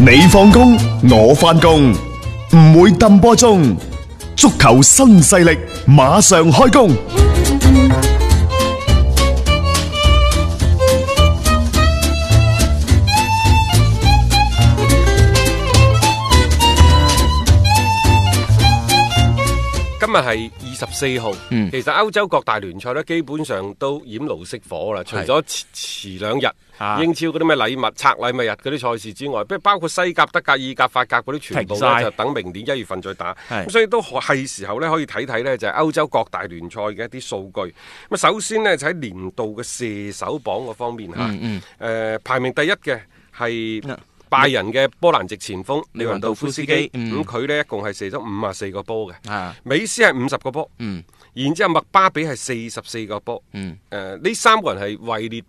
你放工，我翻工，唔會揼波鐘。足球新勢力馬上開工。今日係。十四號，嗯、其實歐洲各大聯賽咧基本上都掩爐熄火啦，是除咗遲兩日，啊、英超嗰啲咩禮物拆禮物日嗰啲賽事之外，包括西甲德、德甲、意甲、法甲嗰啲全部咧了就等明年一月份再打，咁是所以都係時候咧可以睇睇呢，就係歐洲各大聯賽嘅一啲數據。咁首先呢，就喺年度嘅射手榜個方面吓，誒、嗯嗯呃，排名第一嘅係。嗯拜仁嘅波蘭籍前鋒利雲道夫斯基，咁佢咧一共係射咗五啊四個波嘅，美斯係五十個波，嗯、然之後麥巴比係四十四個波，誒呢、嗯呃、三個人係位列。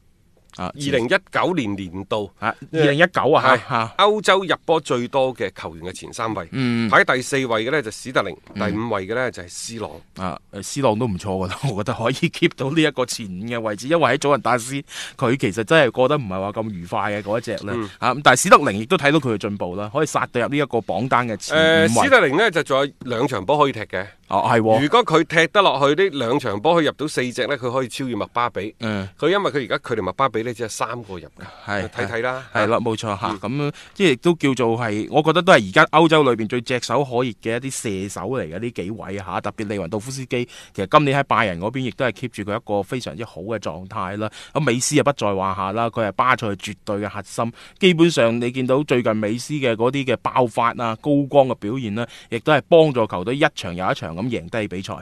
二零一九年年度，二零一九啊，歐、啊啊啊、洲入波最多嘅球員嘅前三位，嗯、排第四位嘅咧就史特靈，嗯、第五位嘅咧就係 C 朗，啊，誒，C 朗都唔錯噶，我覺得可以 keep 到呢一個前五嘅位置，因為喺祖雲達斯佢其實真係過得唔係話咁愉快嘅嗰一隻咧，吓、嗯啊，但係史特靈亦都睇到佢嘅進步啦，可以殺到入呢一個榜單嘅前五位。誒，史特靈呢就仲有兩場波可以踢嘅，係、啊，哦、如果佢踢得落去呢兩場波可以入到四隻呢，佢可以超越麥巴比。佢、嗯、因為佢而家距離麥巴比只係三個入嘅，係睇睇啦，係咯，冇是錯嚇。咁即係亦都叫做係，我覺得都係而家歐洲裏邊最炙手可熱嘅一啲射手嚟嘅呢幾位嚇。特別利雲道夫斯基，其實今年喺拜仁嗰邊亦都係 keep 住佢一個非常之好嘅狀態啦。咁美斯啊不在話下啦，佢係巴塞絕對嘅核心。基本上你見到最近美斯嘅嗰啲嘅爆發啊、高光嘅表現呢，亦都係幫助球隊一場又一場咁贏低比賽。誒、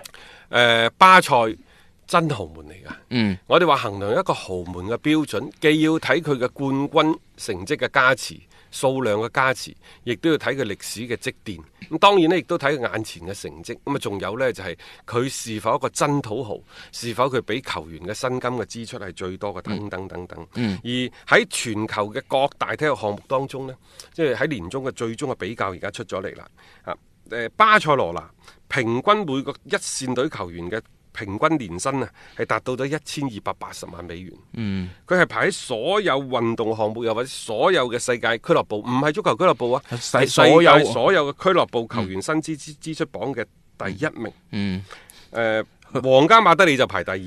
呃，巴塞。真豪門嚟噶，嗯，我哋話衡量一個豪門嘅標準，既要睇佢嘅冠軍成績嘅加持數量嘅加持，亦都要睇佢歷史嘅積澱。咁當然呢，亦都睇佢眼前嘅成績。咁啊，仲有呢，就係、是、佢是否一個真土豪，是否佢俾球員嘅薪金嘅支出係最多嘅等等等等。嗯，而喺全球嘅各大體育項目當中呢，即係喺年終嘅最終嘅比較而家出咗嚟啦。巴塞羅那平均每個一線隊球員嘅平均年薪啊，係達到咗一千二百八十萬美元。嗯，佢係排喺所有運動項目又或者所有嘅世界俱樂部，唔係足球俱樂部啊，係世界所有嘅、啊、俱樂部球員薪資、嗯、支出榜嘅第一名。嗯，誒、呃，皇家馬德里就排第二，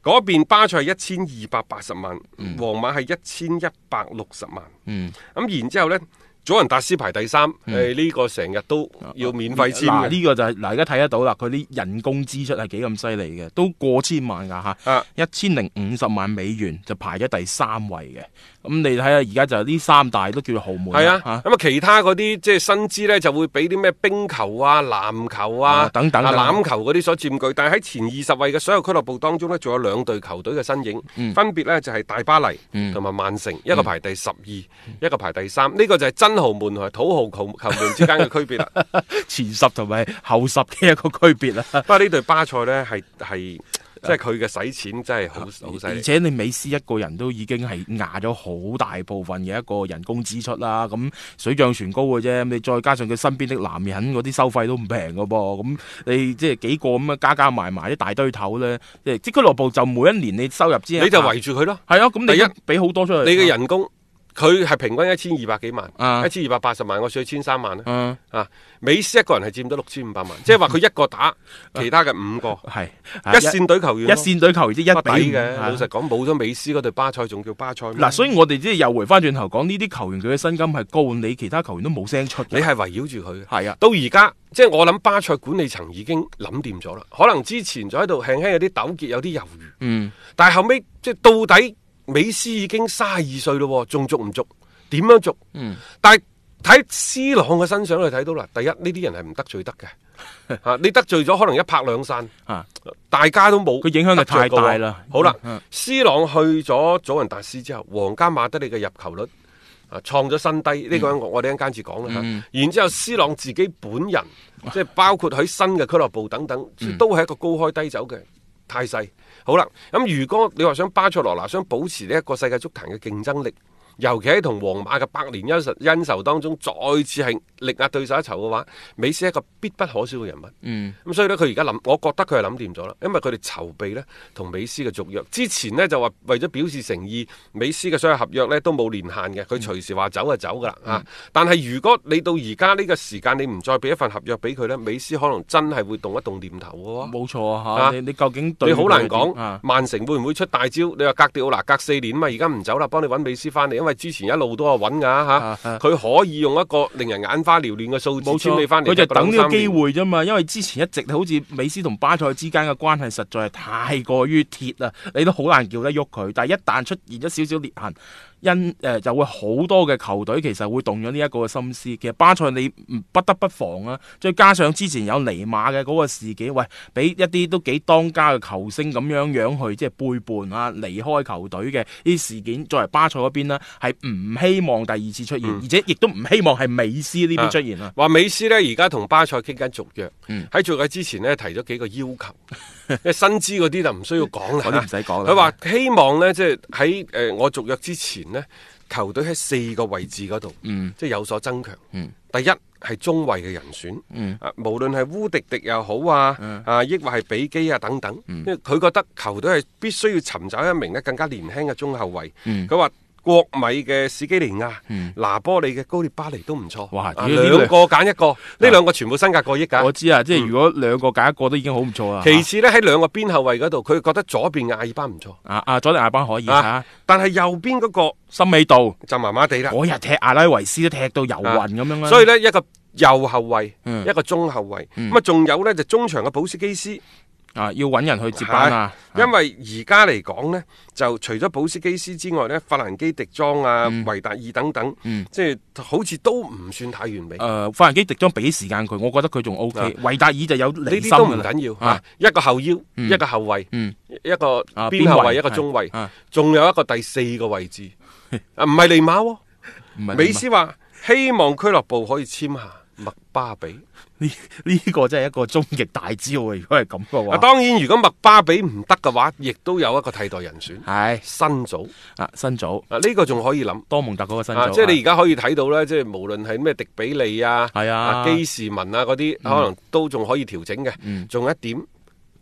嗰邊 是巴塞一千二百八十萬，皇、嗯、馬係一千一百六十萬。嗯，咁然之後呢。嗯祖雲達斯排第三，誒呢、嗯、個成日都要免費簽嘅，呢個就係、是、嗱，而家睇得到啦，佢啲人工支出係幾咁犀利嘅，都過千萬㗎嚇，一千零五十萬美元就排咗第三位嘅。咁、啊、你睇下而家就係呢三大都叫做豪門，係啊。咁啊，其他嗰啲即係薪資呢，就會俾啲咩冰球啊、籃球啊、啊等等籃、啊、球嗰啲所佔據，但係喺前二十位嘅所有俱樂部當中呢，仲有兩隊球隊嘅身影，嗯、分別呢就係、是、大巴黎同埋曼城、嗯一一一，一個排第十二，一個排第三，呢個就係真。嗯豪門同埋土豪球球門之間嘅區別啦，前十同埋後十嘅一個區別啦。不過呢隊巴塞咧，係係即係佢嘅使錢真係好好細，而且，而且你美斯一個人都已經係壓咗好大部分嘅一個人工支出啦。咁水漲船高嘅啫，你再加上佢身邊啲男人嗰啲收費都唔平噶噃。咁你即係幾個咁啊加加埋埋一大堆頭咧，即係即俱樂部就每一年你收入支你就圍住佢咯，係啊，咁你一俾好多出去，你嘅人工。佢係平均一千二百幾萬，一千二百八十萬，我算一千三萬啦。啊、huh.，美斯一個人係佔咗六千五百萬， 即係話佢一個打其他嘅五個，係、uh huh. 一線隊球員不不，一線隊球員即係一比嘅。Uh huh. 老實講，冇咗美斯嗰隊巴塞仲叫巴塞咩？嗱、uh，huh. 所以我哋即係又回翻轉頭講呢啲球員佢嘅薪金係高，你其他球員都冇聲出，你係圍繞住佢。係啊 的，到而家即係我諗巴塞管理層已經諗掂咗啦，可能之前就喺度輕輕有啲糾結，有啲猶豫。嗯、mm，hmm. 但係後尾，即係到底。美斯已經三十二歲咯，仲續唔續？點樣續？嗯，但係睇 C 朗嘅身上，你睇到啦。第一，呢啲人係唔得罪得嘅嚇，你得罪咗，可能一拍兩散啊，大家都冇。佢影響力太大啦。好啦，C 朗去咗祖雲達斯之後，皇家馬德里嘅入球率啊，創咗新低。呢個我我哋一間住講啦。然之後 C 朗自己本人，即係包括喺新嘅俱樂部等等，都係一個高開低走嘅態勢。好啦，咁如果你話想巴塞羅那，想保持呢一個世界足壇嘅競爭力，尤其喺同皇馬嘅百年恩仇仇當中，再次係力壓對手一籌嘅話，美斯係一個必不可少嘅人物。咁、嗯、所以呢，佢而家諗，我覺得佢係諗掂咗啦。因為佢哋籌備呢同美斯嘅續約之前呢，就話，為咗表示誠意，美斯嘅所有合約呢都冇年限嘅，佢隨時話走就走噶啦、嗯啊。但係如果你到而家呢個時間，你唔再俾一份合約俾佢呢，美斯可能真係會動一動念頭喎。冇錯啊，啊你！你究竟你好難講，曼城、啊、會唔會出大招？你話格迪奧拿，隔四年嘛，而家唔走啦，幫你揾美斯返嚟。因為之前一路都係搵噶吓，佢、啊、可以用一個令人眼花繚亂嘅數字簽你翻嚟，佢就等呢個機會啫嘛。因為之前一直好似美斯同巴塞之間嘅關係實在係太過於鐵啦，你都好難叫得喐佢。但係一旦出現咗少少裂痕。因誒就會好多嘅球隊其實會動咗呢一個心思，其實巴塞你不得不防啊！再加上之前有尼馬嘅嗰個事件，喂，俾一啲都幾當家嘅球星咁樣樣去即係背叛啊，離開球隊嘅呢啲事件，作為巴塞嗰邊咧，係唔希望第二次出現、嗯，而且亦都唔希望係美斯呢邊出現、嗯、啊。話美斯呢而家同巴塞傾緊續約，喺續約之前呢，提咗幾個要求， 薪資嗰啲就唔需要、嗯、講啦嚇，唔使講。佢話希望呢，即係喺誒我續約之前。球隊喺四個位置嗰度，嗯、即係有所增強。嗯、第一係中衛嘅人選，嗯、無論係烏迪迪又好啊，啊，抑或係比基啊等等，嗯、因為佢覺得球隊係必須要尋找一名咧更加年輕嘅中後衛。佢話、嗯。國米嘅史基尼亞、拿波利嘅高列巴尼都唔錯。哇，呢兩個揀一個，呢兩個全部身價過億噶。我知啊，即係如果兩個揀一個都已經好唔錯啦。其次咧，喺兩個邊後衛嗰度，佢覺得左邊嘅阿爾巴唔錯。啊啊，左邊阿爾巴可以吓，但係右邊嗰個森美度，就麻麻地啦。嗰日踢阿拉維斯都踢到遊魂咁樣。所以呢，一個右後衛，一個中後衛，咁啊仲有咧就中場嘅保斯基斯。啊！要揾人去接班啊！因為而家嚟講呢，就除咗保斯基斯之外呢，法蘭基迪莊啊、維達爾等等，即係好似都唔算太完美。誒，法蘭基迪莊俾時間佢，我覺得佢仲 OK。維達爾就有呢啲都唔緊要嚇。一個後腰，一個後衞，一個邊後衞，一個中衞，仲有一個第四個位置。啊，唔係尼馬喎，美斯話希望俱樂部可以簽下麥巴比。呢呢個真係一個終極大招啊！如果係咁嘅話，啊當然如果麥巴比唔得嘅話，亦都有一個替代人選，係是新祖組啊新祖啊呢、這個仲可以諗，多蒙特嗰個新祖、啊啊，即係你而家可以睇到咧，即係無論係咩迪比利啊，係啊，啊基士文啊嗰啲，嗯、可能都仲可以調整嘅。仲、嗯、有一點，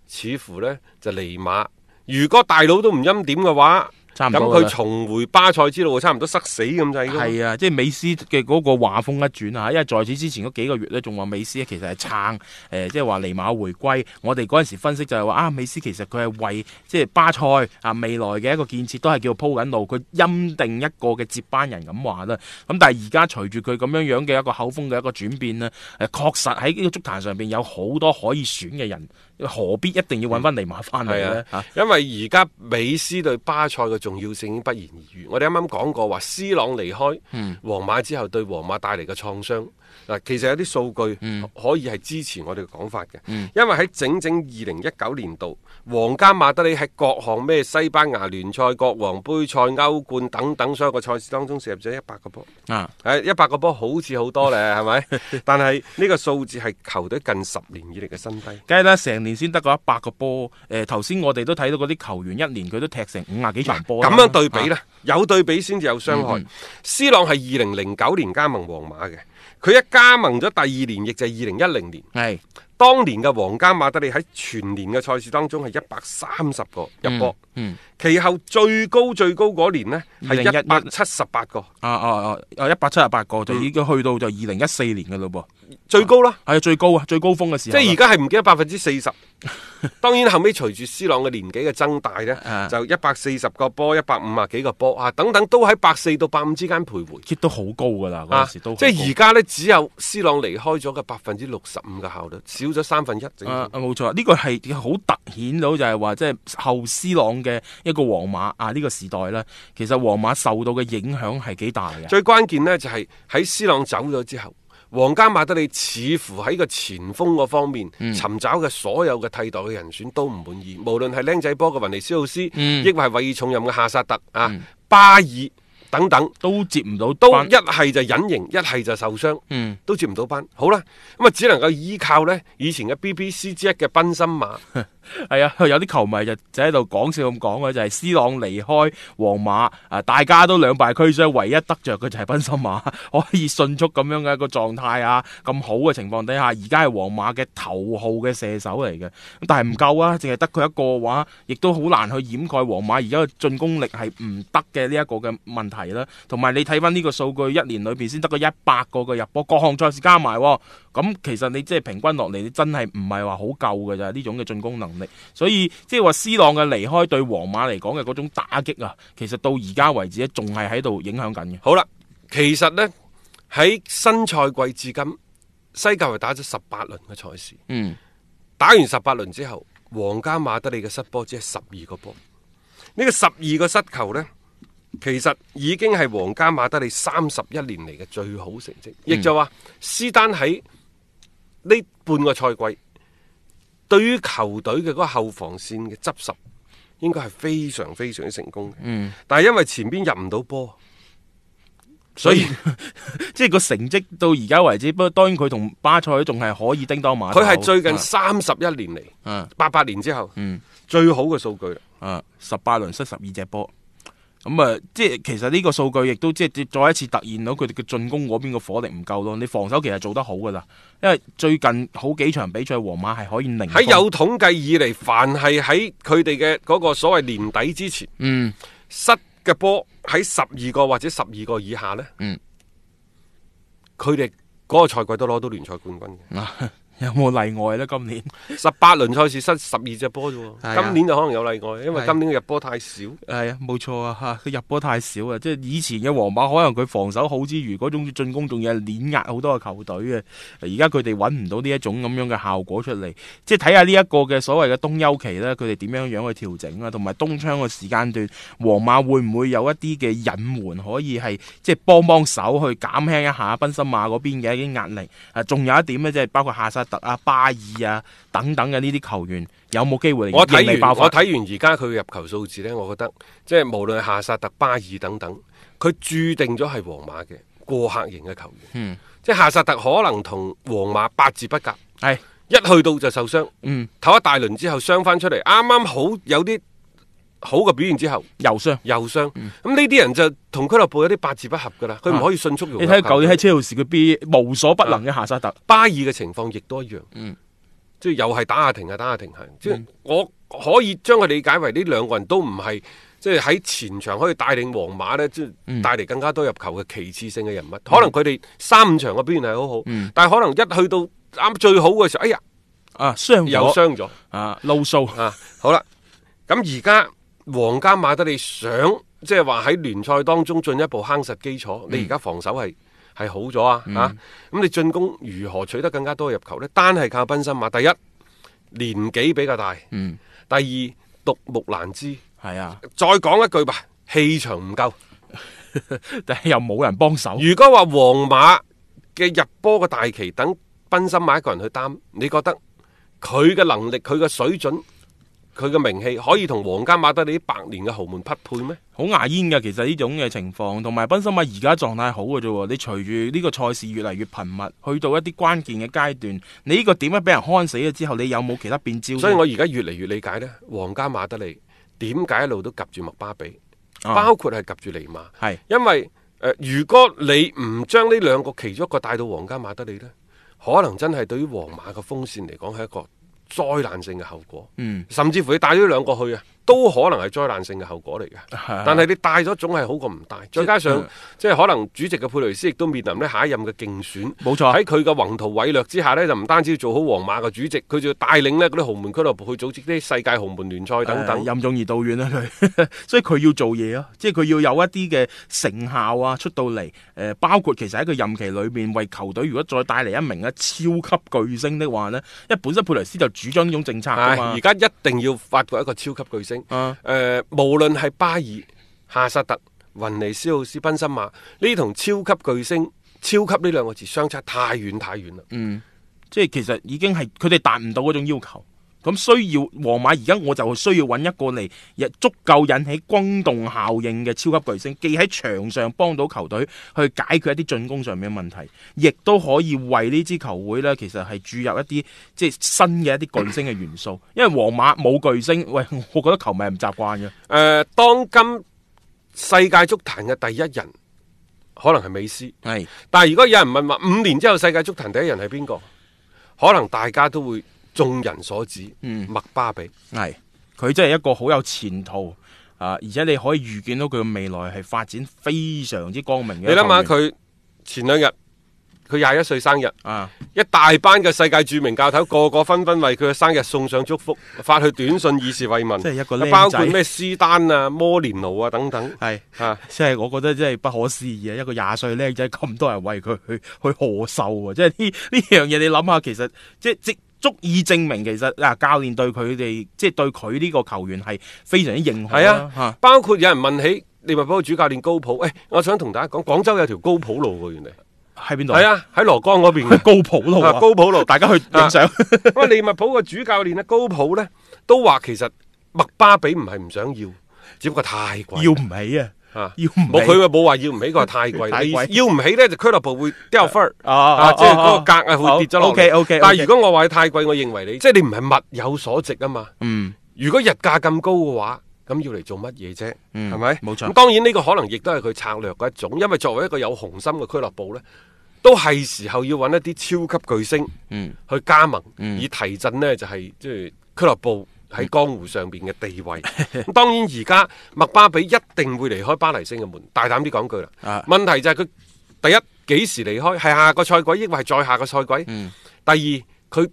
似乎咧就尼馬，如果大佬都唔欽點嘅話。咁佢重回巴塞之路差唔多塞死，咁就係啊，即、就、係、是、美斯嘅嗰個話風一轉啊！因為在此之前嗰幾個月咧，仲話美斯其實係撐誒，即係話尼馬回歸。我哋嗰陣時分析就係話啊，美斯其實佢係為即係巴塞啊未來嘅一個建設都係叫鋪緊路，佢欽定一個嘅接班人咁話啦。咁、嗯、但係而家隨住佢咁樣樣嘅一個口風嘅一個轉變呢，誒、呃、確實喺呢個足壇上邊有好多可以選嘅人，何必一定要揾翻尼馬翻嚟呢？啊啊、因為而家美斯對巴塞嘅重要性不言而喻。我哋啱啱講過話 C 朗離開、嗯、皇馬之後對皇馬帶嚟嘅創傷嗱，其實有啲數據可以係支持我哋嘅講法嘅。嗯、因為喺整整二零一九年度，皇家馬德里喺各項咩西班牙聯賽、國王杯賽、歐冠等等所有嘅賽事當中，射入咗一百個波啊！哎、一百個波好似好多呢，係咪？ 但係呢個數字係球隊近十年以嚟嘅新低。梗係啦，成年先得過個一百個波。誒、呃，頭先我哋都睇到嗰啲球員一年佢都踢成五廿幾場波。 咁樣對比呢，啊、有對比先至有傷害。嗯嗯、C 朗係二零零九年加盟皇馬嘅，佢一加盟咗第二年，亦就係二零一零年，係是當年嘅皇家馬德里喺全年嘅賽事當中係一百三十個入波、嗯。嗯。其後最高最高嗰年呢，係一百七十八個啊啊啊一百七十八個就已經去到就二零一四年嘅咯噃最高啦，係啊最高啊最高峰嘅時候，即係而家係唔記得百分之四十。 當然後尾隨住斯朗嘅年紀嘅增大呢，啊、就一百四十個波，一百五十幾個波啊等等都喺百四到百五之間徘徊亦都好高噶啦嗰陣時都好高、啊。即係而家呢，只有斯朗離開咗嘅百分之六十五嘅效率，少咗三分一整、啊這個就是、一。啊冇錯，呢個係好突顯到就係話即係後斯朗嘅個皇馬啊，呢、這個時代呢，其實皇馬受到嘅影響係幾大嘅。最關鍵呢，就係、是、喺斯朗走咗之後，皇家馬德里似乎喺個前鋒嗰方面、嗯、尋找嘅所有嘅替代嘅人選都唔滿意，無論係僆仔波嘅雲尼斯奧斯，亦或係委重任嘅夏薩特啊、巴爾等等，都接唔到，都一係就隱形，一係就受傷，嗯、都接唔到班。好啦，咁啊只能夠依靠呢以前嘅 BBC 之一嘅賓森馬。 係啊，有啲球迷就就喺度講笑咁講嘅，就係、是、C 朗離開皇馬啊，大家都兩敗俱傷，唯一得着嘅就係賓森馬可以迅速咁樣嘅一個狀態啊，咁好嘅情況底下，而家係皇馬嘅頭號嘅射手嚟嘅，但係唔夠啊，淨係得佢一個話，亦都好難去掩蓋皇馬而家嘅進攻力係唔得嘅呢一個嘅問題啦。同埋你睇翻呢個數據，一年裏邊先得個一百個嘅入波，各項賽事加埋，啊。咁其實你即係平均落嚟，你真係唔係話好夠嘅咋，呢種嘅進攻能力。所以即係話 C 朗嘅離開對皇馬嚟講嘅嗰種打擊啊，其實到而家為止仲係喺度影響緊嘅。好啦，其實呢，喺新賽季至今，西甲係打咗十八輪嘅賽事。嗯，打完十八輪之後，皇家馬德里嘅失波只係十二個波。呢個十二個失球呢，其實已經係皇家馬德里三十一年嚟嘅最好成績。亦、嗯、就話，斯丹喺呢半個賽季，對於球隊嘅嗰個後防線嘅執拾，應該係非常非常之成功。嗯，但係因為前邊入唔到波，所以即係所以 個成績到而家為止，不過當然佢同巴塞仲係可以叮當馬頭。佢係最近三十一年嚟，八八、啊、年之後，嗯，最好嘅數據啦，嗯、啊，十八輪失十二隻波。咁啊，即係其實呢個數據亦都即係再一次，突現到佢哋嘅進攻嗰邊嘅火力唔夠咯。你防守其實做得好噶啦，因為最近好幾場比賽，皇馬係可以零。喺有統計以嚟，凡係喺佢哋嘅嗰個所謂年底之前，嗯，失嘅波喺十二個或者十二個以下呢，嗯，佢哋嗰個賽季都攞到聯賽冠軍嘅。 有冇例外咧？今年十八輪賽事失十二隻波啫，啊、今年就可能有例外，因為今年嘅入波太少。係啊，冇錯啊，吓佢入波太少啊！即係以前嘅皇馬，可能佢防守好之餘，嗰種進攻仲要碾壓好多嘅球隊啊。而家佢哋揾唔到呢一種咁樣嘅效果出嚟。即係睇下呢一個嘅所謂嘅冬休期呢，佢哋點樣樣去調整啊？同埋冬窗嘅時間段，皇馬會唔會有一啲嘅引援可以係即係幫幫手去減輕一下賓森馬嗰邊嘅一啲壓力？啊，仲有一點呢，即係包括下特啊，巴爾啊，等等嘅呢啲球員有冇機會？我睇完，我睇完而家佢入球數字呢，我覺得即係無論夏薩特、巴爾等等，佢注定咗係皇馬嘅過客型嘅球員。嗯，即係夏薩特可能同皇馬八字不夾，係是一去到就受傷。嗯，抖一大輪之後傷返出嚟，啱啱好有啲。好嘅表現之後，又傷，又傷。咁呢啲人就同俱樂部有啲八字不合噶啦，佢唔可以迅速用。你睇舊年喺車路士嘅 B，無所不能嘅夏薩特，巴爾嘅情況亦都一樣。即係又係打下停啊，打下停啊。即係我可以將佢理解為呢兩個人都唔係即係喺前場可以帶領皇馬呢，即係帶嚟更加多入球嘅旗幟性嘅人物。可能佢哋三五場嘅表現係好好，但係可能一去到啱最好嘅時候，哎呀啊傷又傷咗啊，露數啊。好啦，咁而家。皇家馬德里想即係話喺聯賽當中進一步夯實基礎，嗯、你而家防守係係好咗啊吓，咁、嗯啊、你進攻如何取得更加多入球呢？單係靠賓森馬，第一年紀比較大，嗯、第二獨木難支，係啊，再講一句吧，氣場唔夠， 但係又冇人幫手。如果話皇馬嘅入波嘅大旗等賓森馬一個人去擔，你覺得佢嘅能力佢嘅水準？佢嘅名氣可以同皇家馬德里百年嘅豪門匹配咩？好牙煙噶，其實呢種嘅情況，同埋本身嘛而家狀態好嘅啫。你隨住呢個賽事越嚟越頻密，去到一啲關鍵嘅階段，你呢個點樣俾人看死咗之後，你有冇其他變招？所以我而家越嚟越理解呢，皇家馬德里點解一路都夾住麥巴比，啊、包括係夾住尼馬，係是因為、呃、如果你唔將呢兩個其中一個帶到皇家馬德里呢，可能真係對於皇馬嘅鋒線嚟講係一個。災難性嘅後果，嗯，甚至乎你帶咗兩個去啊！都可能係災難性嘅後果嚟嘅，的但係你帶咗總係好過唔帶，的再加上的即係可能主席嘅佩雷斯亦都面臨咧下一任嘅競選，冇錯喺佢嘅宏圖偉略之下呢，就唔單止要做好皇馬嘅主席，佢仲要帶領呢嗰啲豪門俱樂部去組織啲世界豪門聯賽等等、呃，任重而道遠啦佢， 所以佢要做嘢啊，即係佢要有一啲嘅成效啊出到嚟，誒、呃、包括其實喺佢任期裏面為球隊如果再帶嚟一名嘅超級巨星的話呢，因為本身佩雷斯就主張呢種政策而、啊、家、哎、一定要發掘一個超級巨星。哎呃誒、uh, 呃，無論係巴爾、夏薩特、雲尼斯、斯、奧斯賓士、馬，呢啲同超級巨星、超級呢兩個字相差太遠太遠啦。嗯，即係其實已經係佢哋達唔到嗰種要求。咁需要皇馬而家我就需要揾一個嚟，亦足夠引起轟動效應嘅超級巨星，既喺場上幫到球隊去解決一啲進攻上面嘅問題，亦都可以為呢支球會呢，其實係注入一啲即係新嘅一啲巨星嘅元素。因為皇馬冇巨星，喂，我覺得球迷係唔習慣嘅。誒、呃，當今世界足壇嘅第一人可能係美斯，係。但係如果有人問話五年之後世界足壇第一人係邊個？可能大家都會。眾人所指，嗯、麥巴比係佢真係一個好有前途啊！而且你可以預見到佢嘅未來係發展非常之光明嘅。你諗下佢前兩日佢廿一歲生日啊，一大班嘅世界著名教頭個個紛紛為佢嘅生日送上祝福，發去短信以示慰問。即係一個靚仔，包括咩施丹啊、摩連奴啊等等，係吓是。啊、即係我覺得真係不可思議，一個廿歲靚仔咁多人為佢去去賀壽啊！即係呢呢樣嘢，你諗下，其實即係即，即，即。足以證明其實嗱，教練對佢哋即係對佢呢個球員係非常之認同啦。啊啊、包括有人問起利物浦嘅主教練高普，誒、欸，我想同大家講，廣州有條高普路嘅原嚟，喺邊度？係啊，喺蘿崗嗰邊嘅高普路、啊啊、高普路，大家去影相。喂、啊， 利物浦嘅主教練啊，高普咧都話其實麥巴比唔係唔想要，只不過太貴，要唔起啊。啊，要冇佢話冇話要唔起，佢話 太貴，太貴要唔起咧就俱樂部會掉分，即係個價啊會跌咗落嚟。Okay, okay, okay. 但係如果我話佢太貴，我認為你即係你唔係物有所值啊嘛。嗯，如果日價咁高嘅話，咁要嚟做乜嘢啫？係咪、嗯？冇吧錯。咁當然呢個可能亦都係佢策略嗰一種，因為作為一個有雄心嘅俱樂部咧，都係時候要揾一啲超級巨星，去加盟、嗯，以提振呢就係、是、即係俱樂部。喺江湖上面嘅地位，咁 當然而家麥巴比一定會離開巴黎聖嘅門，大膽啲講句啦。啊、問題就係佢第一幾時離開，係下個賽季，抑或係再下個賽季。嗯、第二佢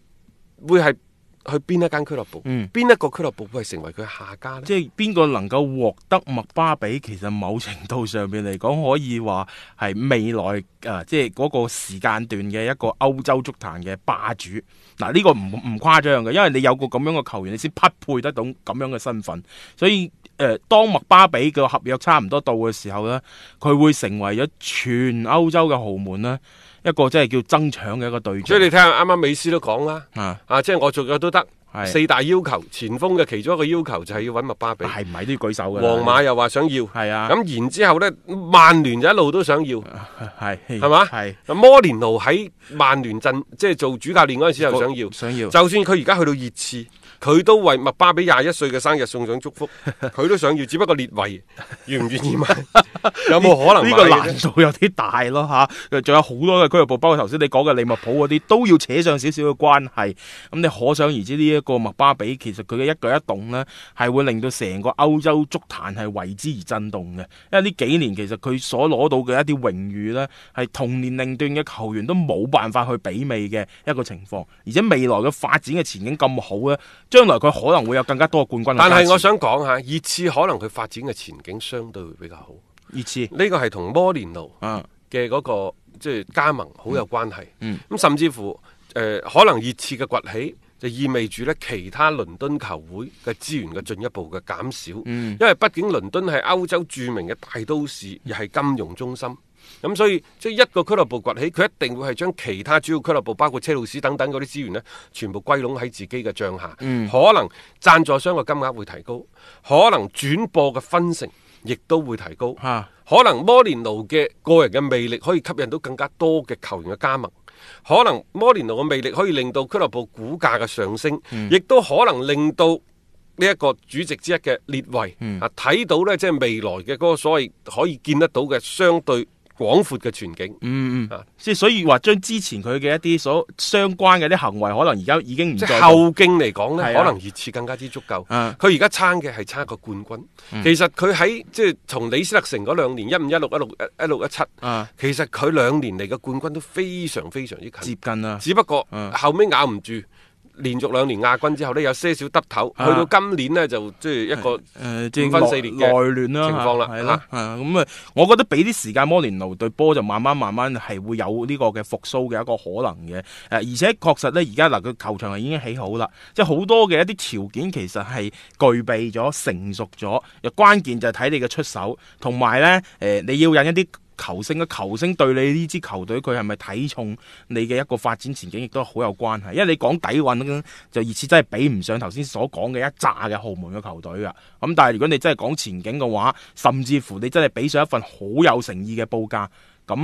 會係。去邊一間俱樂部？嗯，邊一個俱樂部會成為佢下家咧？即係邊個能夠獲得麥巴比？其實某程度上面嚟講，可以話係未來誒、呃，即係嗰個時間段嘅一個歐洲足壇嘅霸主。嗱、呃，呢個唔唔誇張嘅，因為你有個咁樣嘅球員，你先匹配得到咁樣嘅身份。所以誒、呃，當麥巴比嘅合約差唔多到嘅時候呢，佢會成為咗全歐洲嘅豪門呢。一個即係叫爭搶嘅一個對象，所以你睇下啱啱美斯都講啦，啊，啊，即係我做嘅都得，是四大要求前鋒嘅其中一個要求就係要揾麥巴比，係唔係都要舉手嘅？皇馬又話想要，係啊，咁然之後咧，曼聯就一路都想要，係係嘛，係吧是、啊，摩連奴喺曼聯陣即係做主教練嗰陣時又想要，想要，就算佢而家去到熱刺。佢都為麥巴比廿一歲嘅生日送上祝福，佢都想要，只不過列維願唔願意買？ 有冇可能呢 個難度有啲大咯吓？仲、啊、有好多嘅俱樂部，包括頭先你講嘅利物浦嗰啲，都要扯上少少嘅關係。咁、嗯、你可想而知，呢、這、一個麥巴比其實佢嘅一舉一動呢，係會令到成個歐洲足壇係為之而震動嘅。因為呢幾年其實佢所攞到嘅一啲榮譽呢，係同年齡段嘅球員都冇辦法去媲美嘅一個情況，而且未來嘅發展嘅前景咁好呢。將來佢可能會有更加多嘅冠軍，但係我想講吓熱刺可能佢發展嘅前景相對會比較好。熱刺呢個係同摩連奴嘅，嗰、那個、啊、即係加盟好有關係。咁、嗯嗯、甚至乎誒、呃，可能熱刺嘅崛起就意味住呢其他倫敦球會嘅資源嘅進一步嘅減少。嗯、因為畢竟倫敦係歐洲著名嘅大都市，亦係金融中心。咁所以即係一個俱樂部崛起，佢一定會係將其他主要俱樂部，包括車路士等等嗰啲資源咧，全部歸攏喺自己嘅帳下。可能贊助商嘅金額會提高，可能轉播嘅分成亦都會提高。啊、可能摩連奴嘅個人嘅魅力可以吸引到更加多嘅球員嘅加盟，可能摩連奴嘅魅力可以令到俱樂部股價嘅上升，亦、嗯、都可能令到呢一個主席之一嘅列位、嗯、啊睇到咧，即、就、係、是、未來嘅嗰個所謂可以見得到嘅相對。廣闊嘅全景，嗯嗯，即、嗯、係、啊、所以話將之前佢嘅一啲所相關嘅啲行為，可能而家已經唔再後勁嚟講咧，啊、可能熱刺更加之足夠。佢而家差嘅係差一個冠軍，嗯、其實佢喺即係從李斯特城嗰兩年一五一六一六一六一七，其實佢兩年嚟嘅冠軍都非常非常之近，接近啊，只不過後尾咬唔住。啊嗯連續兩年亞軍之後呢，有些少得頭，去到今年呢，就即係一個誒五分四年嘅內亂啦情況啦嚇啊咁啊，啊，啊，啊、嗯，我覺得俾啲時間摩連奴對波就慢慢慢慢係會有呢個嘅復甦嘅一個可能嘅誒、啊，而且確實呢，而家嗱個球場係已經起好啦，即係好多嘅一啲條件其實係具備咗成熟咗，又關鍵就係睇你嘅出手同埋呢誒、呃，你要引一啲。球星嘅球星對你呢支球隊，佢係咪睇重你嘅一個發展前景，亦都好有關係。因為你講底蘊，就而次真係比唔上頭先所講嘅一紮嘅豪門嘅球隊㗎。咁、嗯、但係如果你真係講前景嘅話，甚至乎你真係俾上一份好有誠意嘅報價，咁、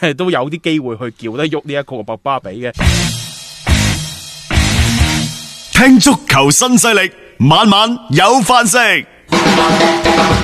嗯、都有啲機會去叫得喐呢一個麥巴比嘅。聽足球新勢力，晚晚有飯食。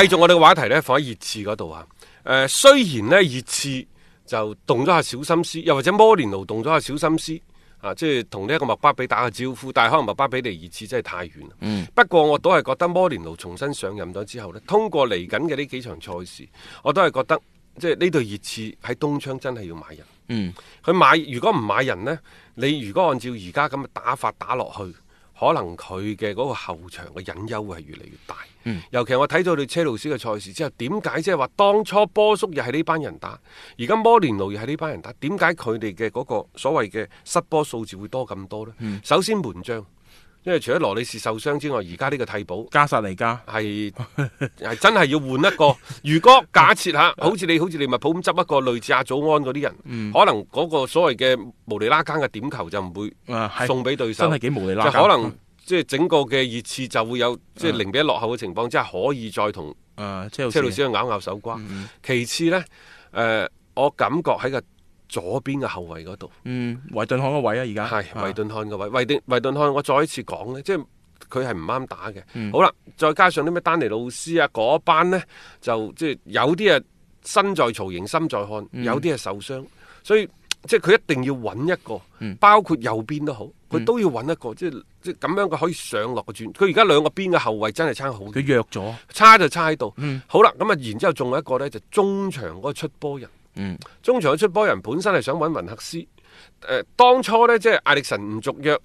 繼續我哋嘅話題呢，放喺熱刺嗰度啊。誒，雖然呢熱刺就動咗下小心思，又或者摩連奴動咗下小心思啊，即係同呢一個麥巴比打個招呼，但係可能麥巴比離熱刺真係太遠。嗯。不過我都係覺得摩連奴重新上任咗之後呢，通過嚟緊嘅呢幾場賽事，我都係覺得即係呢隊熱刺喺冬窗真係要買人。嗯。佢買如果唔買人呢，你如果按照而家咁嘅打法打落去。可能佢嘅嗰個後場嘅隱憂會係越嚟越大，嗯、尤其我睇咗對車路士嘅賽事之後，點解即係話當初波叔又係呢班人打，而家摩連奴又係呢班人打，點解佢哋嘅嗰個所謂嘅失波數字會多咁多呢？嗯、首先門將。因為除咗羅利士受傷之外，而家呢個替補加薩尼加係係真係要換一個。 如果假設吓，好似你好似利物浦咁執一個類似阿祖安嗰啲人，嗯、可能嗰個所謂嘅無厘拉更嘅點球就唔會送俾對手，啊、真係幾無厘拉更。可能即係、就是、整個嘅熱刺就會有即係零比一落後嘅情況，之下可以再同車路士咬咬咬、啊、車老師咬咬手瓜。嗯、其次呢，誒、呃，我感覺喺個。左邊嘅後衛嗰度，嗯，維頓漢個位啊，而家係維頓漢個位。維頓維頓漢，我再一次講咧，即係佢係唔啱打嘅。嗯、好啦，再加上啲咩丹尼老師啊，嗰班呢，就即係有啲啊身在曹營心在漢，嗯、有啲啊受傷，所以即係佢一定要揾一個，嗯、包括右邊都好，佢都要揾一個，即係即係咁樣佢可以上落嘅轉。佢而家兩個邊嘅後衛真係差好遠，佢弱咗，差就差喺度，嗯。好啦，咁啊，然之後仲有一個呢，就中場嗰個出波人。嗯，中場出波人本身係想揾雲克斯，誒、呃，當初咧，即係艾力神唔續約而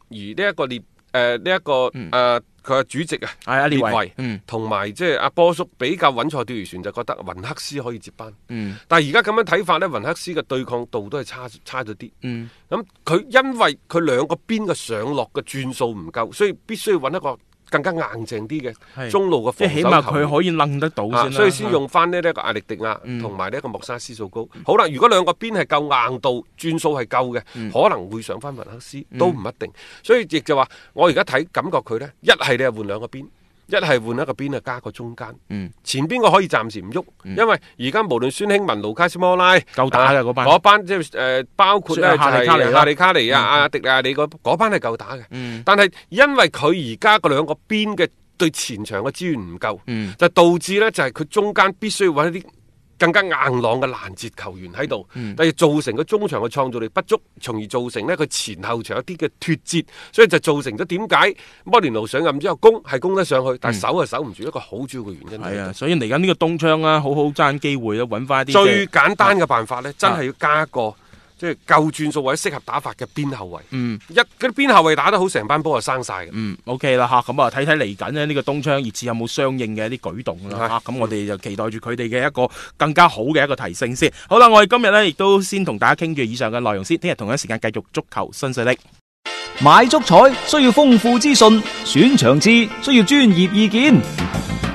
呢一個列，誒呢一個啊佢阿主席啊，係阿列維，同埋即係阿波叔比較穩坐釣魚船，就覺得雲克斯可以接班，嗯，但係而家咁樣睇法咧，雲克斯嘅對抗度都係差差咗啲，嗯，咁佢因為佢兩個邊嘅上落嘅轉數唔夠，所以必須要揾一個。更加硬淨啲嘅中路嘅防守球，起碼佢可以掹得到、啊啊，所以先用翻呢一個阿力迪亞同埋呢一個莫沙斯數高。嗯、好啦，如果兩個邊係夠硬度，轉數係夠嘅，嗯、可能會上翻文克斯都唔一定。嗯、所以亦就話，我而家睇感覺佢呢，一係你係換兩個邊，一係換一個邊啊，加個中間。嗯，前邊個可以暫時唔喐，因為而家無論孫興文、盧卡斯摩拉，夠打啦嗰班。嗰班即係誒，包括咧就係亞里卡尼啊、阿迪亞尼嗰班係夠打嘅。嗯，但係因為佢而家嗰兩個邊嘅對前場嘅資源唔夠，嗯，就導致咧就係佢中間必須要揾一啲。更加硬朗嘅攔截球員喺度，嗯、但係造成個中場嘅創造力不足，從而造成呢佢前後場一啲嘅脫節，所以就造成咗點解摩連奴上任之後攻係攻得上去，嗯、但係守就守唔住一個好主要嘅原因。係、嗯、啊，所以嚟緊呢個冬窗啊，好好爭機會啊，揾翻啲。最簡單嘅辦法咧，啊、真係要加一個。即係夠轉數或者適合打法嘅邊後衛，嗯、一嗰啲邊後衛打得好，成班波就生晒嘅、嗯 OK 啊。嗯，OK 啦吓，咁啊睇睇嚟緊咧呢、這個東窗熱刺有冇相應嘅一啲舉動啦吓，咁我哋就期待住佢哋嘅一個更加好嘅一個提升先。好啦，我哋今日呢亦都先同大家傾住以上嘅內容先，聽日同一時間繼續足球新勢力。買足彩需要豐富資訊，選場次需要專業意見。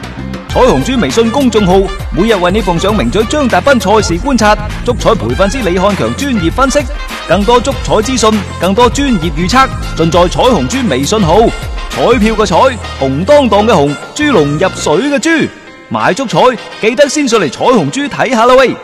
彩虹豬微信公眾號每日為你奉上名嘴張達斌賽事觀察、足彩培訓師李漢強專業分析，更多足彩資訊、更多專業預測，盡在彩虹豬微信號。彩票嘅彩，紅噹噹嘅紅，豬籠入水嘅豬，買足彩記得先上嚟彩虹豬睇下啦喂！